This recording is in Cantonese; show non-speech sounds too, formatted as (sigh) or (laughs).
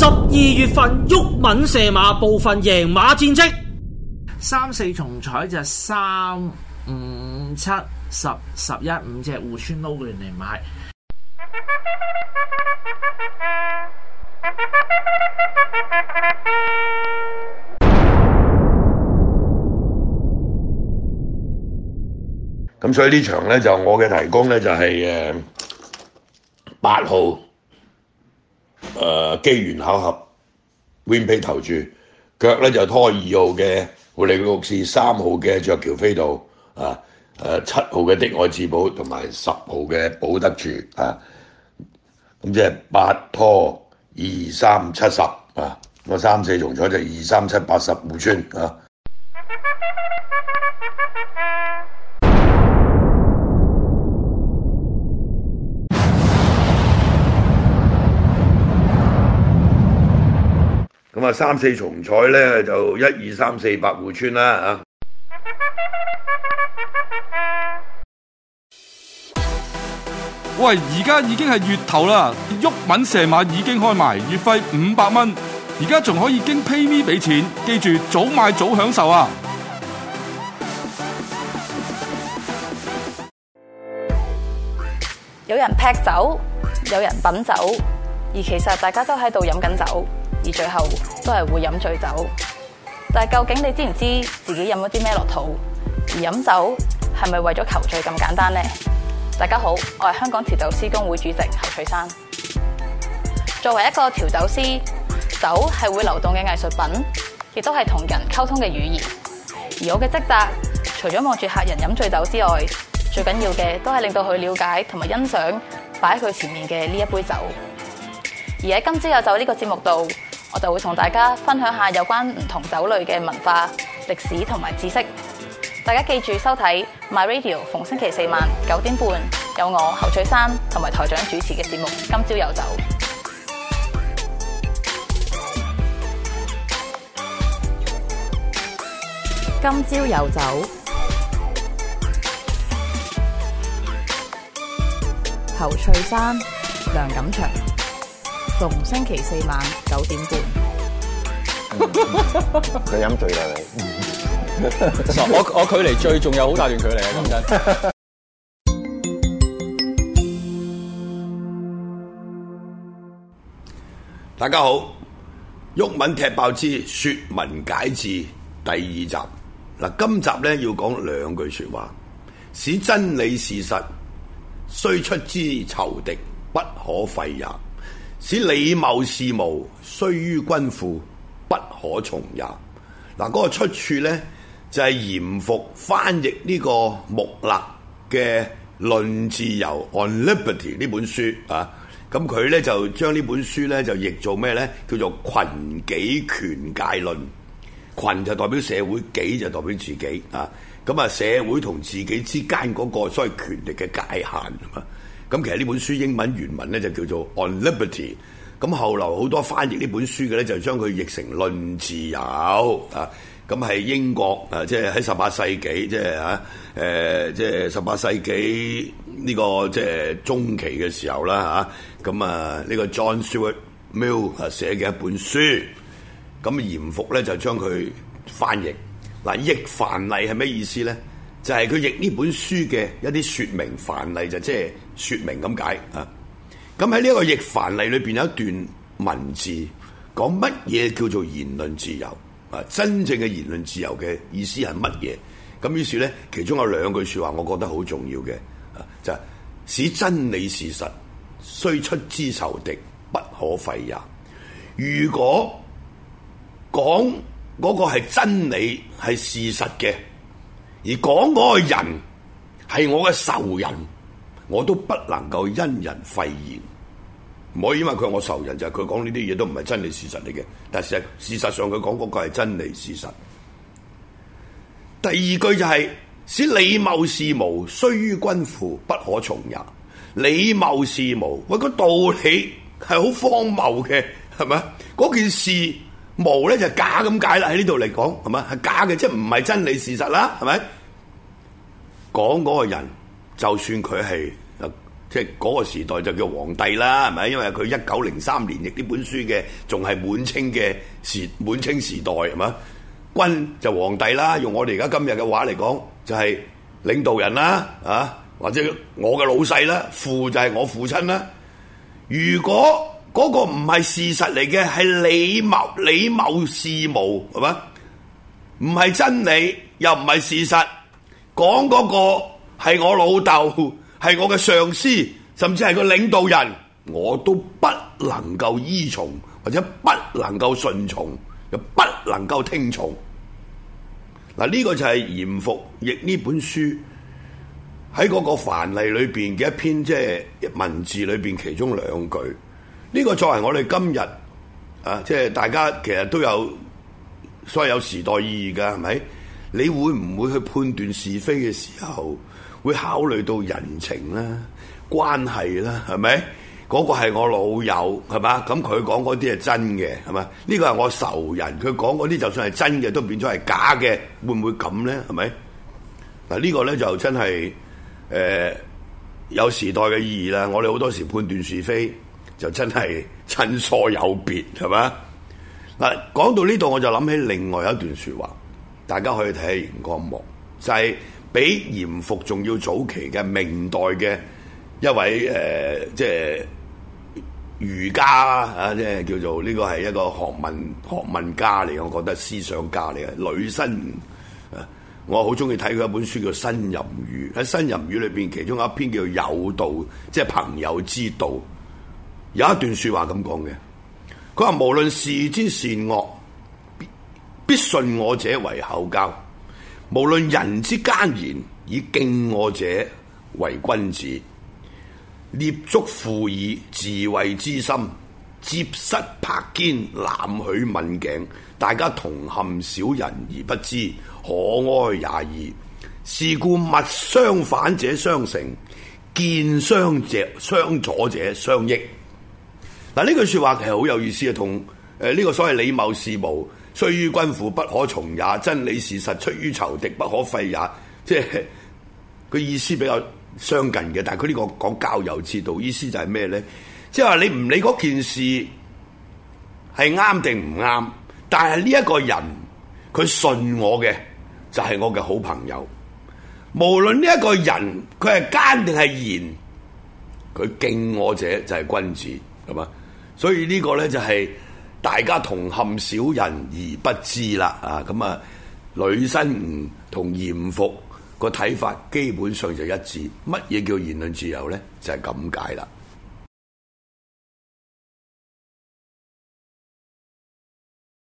十二月份毓民射馬部分贏馬戰績，三四重彩就三五七十十一五隻戶村撈亂嚟買。咁所以呢場呢，就我嘅提供呢，就係誒八號。機緣巧合，WinPay 投注腳咧就拖二號嘅胡利克斯，三號嘅雀橋飛度，啊誒七號嘅的愛至寶同埋十號嘅保德住啊，咁即係八拖二三七十啊，咁啊三四重彩就二三七八十互村。啊。咁啊，三四重彩咧就一二三四百戶村啦啊！喂，而家已經係月頭啦，毓民射馬已經開埋，月費五百蚊，而家仲可以經 PayMe 俾錢，記住早買早享受啊！有人劈酒，有人品酒，而其實大家都喺度飲緊酒。而最後都係會飲醉酒，但係究竟你知唔知自己飲咗啲咩落肚？而飲酒係咪為咗求醉咁簡單呢？大家好，我係香港調酒師公會主席侯翠珊。作為一個調酒師，酒係會流動嘅藝術品，亦都係同人溝通嘅語言。而我嘅職責，除咗望住客人飲醉酒之外，最緊要嘅都係令到佢了解同埋欣賞擺喺佢前面嘅呢一杯酒。而喺今朝有酒呢個節目度。我就會同大家分享下有關不同酒類的文化歷史同埋知識。大家記住收睇 My Radio 逢星期四晚9點半，有我侯翠珊同埋台長主持的節目，今朝有酒。點半有我侯翠珊同埋台長主持的節目今朝有酒，侯翠珊、梁錦祥逢星期四晚九點半，你飲醉啦！你，我我距離醉仲有好大段距離啊！認真， (laughs) 大家好，毓民踢爆之說文解字第二集，嗱，今集咧要講兩句說話，使真理事實，雖出之仇敵，不可廢也。使禮貌事務，雖於君父，不可從也。嗱，嗰個出處咧就係、是、嚴復翻譯呢個穆勒嘅《論自由》（On Liberty） 呢本書啊。咁佢咧就將呢本書咧就譯做咩咧？叫做《群己權界論》。群就代表社會，己就代表自己啊。咁啊，社會同自己之間嗰、那個所謂權力嘅界限啊嘛。咁其實呢本書英文原文咧就叫做《On Liberty》，咁後嚟好多翻譯呢本書嘅咧就將佢譯成《論自由》啊。咁係英國啊，即係喺十八世紀，即係嚇誒，即係十八世紀呢個即係中期嘅時候啦嚇。咁啊，呢個 John Stuart Mill 啊寫嘅一本書，咁嚴復咧就將佢翻譯嗱，譯凡例係咩意思咧？就係佢譯呢本書嘅一啲説明凡例，就即係説明咁解啊。咁喺呢一個譯凡例裏邊有一段文字講乜嘢叫做言論自由啊？真正嘅言論自由嘅意思係乜嘢？咁於是咧，其中有兩句説話，我覺得好重要嘅啊，就係、是、使真理事實雖出之仇敵，不可廢也。如果講嗰個係真理係事實嘅。而講嗰個人係我嘅仇人，我都不能夠因人廢言。唔可以因為佢係我仇人，就係佢講呢啲嘢都唔係真理事實嚟嘅。但係事實上佢講嗰個係真理事實。第二句就係、是，使禮貌事無，雖於君父，不可從也。禮貌事無，喂、那，個道理係好荒謬嘅，係咪？嗰件事無咧就假咁解啦。喺呢度嚟講，係咪係假嘅？即係唔係真理事實啦？係咪？講嗰個人，就算佢係即係嗰個時代就叫皇帝啦，係咪？因為佢一九零三年譯呢本書嘅，仲係滿清嘅時滿清時代，係嘛？君就皇帝啦，用我哋而家今日嘅話嚟講，就係領導人啦，啊，或者我嘅老細啦，父就係我父親啦。如果嗰個唔係事實嚟嘅，係禮貌禮貌事務，係嘛？唔係真理，又唔係事實。講嗰個係我老豆，係我嘅上司，甚至係個領導人，我都不能夠依從，或者不能夠順從，又不能夠聽從。嗱、啊、呢、這個就係嚴復譯呢本書喺嗰個凡例裏邊嘅一篇，即、就、係、是、文字裏邊其中兩句。呢、這個作為我哋今日啊，即、就、係、是、大家其實都有，所謂有時代意義噶，係咪？你會唔會去判斷是非嘅時候，會考慮到人情啦、啊、關係啦、啊，係咪？嗰、那個係我老友，係嘛？咁佢講嗰啲係真嘅，係咪？呢、這個係我仇人，佢講嗰啲就算係真嘅，都變咗係假嘅，會唔會咁呢？係咪？嗱、這、呢個呢就真係誒、呃、有時代嘅意義啦。我哋好多時判斷是非，就真係親疏有別，係咪？嗱，講到呢度我就諗起另外一段説話。大家可以睇下熒光幕，就係、是、比嚴復仲要早期嘅明代嘅一位誒、呃，即係儒家啦嚇，即係叫做呢個係一個學問學問家嚟，我覺得思想家嚟嘅。呂新吾，我好中意睇佢一本書叫《呻吟語》，喺《呻吟語》裏邊，其中有一篇叫做《有道》，即係朋友之道，有一段説話咁講嘅，佢話無論事之善惡。必信我者為厚交，無論人之奸言，以敬我者為君子。躡足附以自衛之心，接失拍肩，濫許問頸，大家同陷小人而不知，可哀也已。是故物相反者相成，見相者相阻者相益。嗱，呢句説話其實好有意思嘅。同。誒，呢個所謂禮貌事無雖於君父不可從也，真理事實出於仇敵不可廢也，即係佢意思比較相近嘅。但係佢呢個講交友之道，意思就係咩呢？即係話你唔理嗰件事係啱定唔啱，但係呢一個人佢信我嘅就係、是、我嘅好朋友。無論呢一個人佢係奸定係賢，佢敬我者就係君子，係嘛？所以呢個呢，就係、是。大家同陷小人而不知啦，啊咁啊、呃，呂新吾同嚴復個睇法基本上就一致。乜嘢叫言論自由咧？就係咁解啦。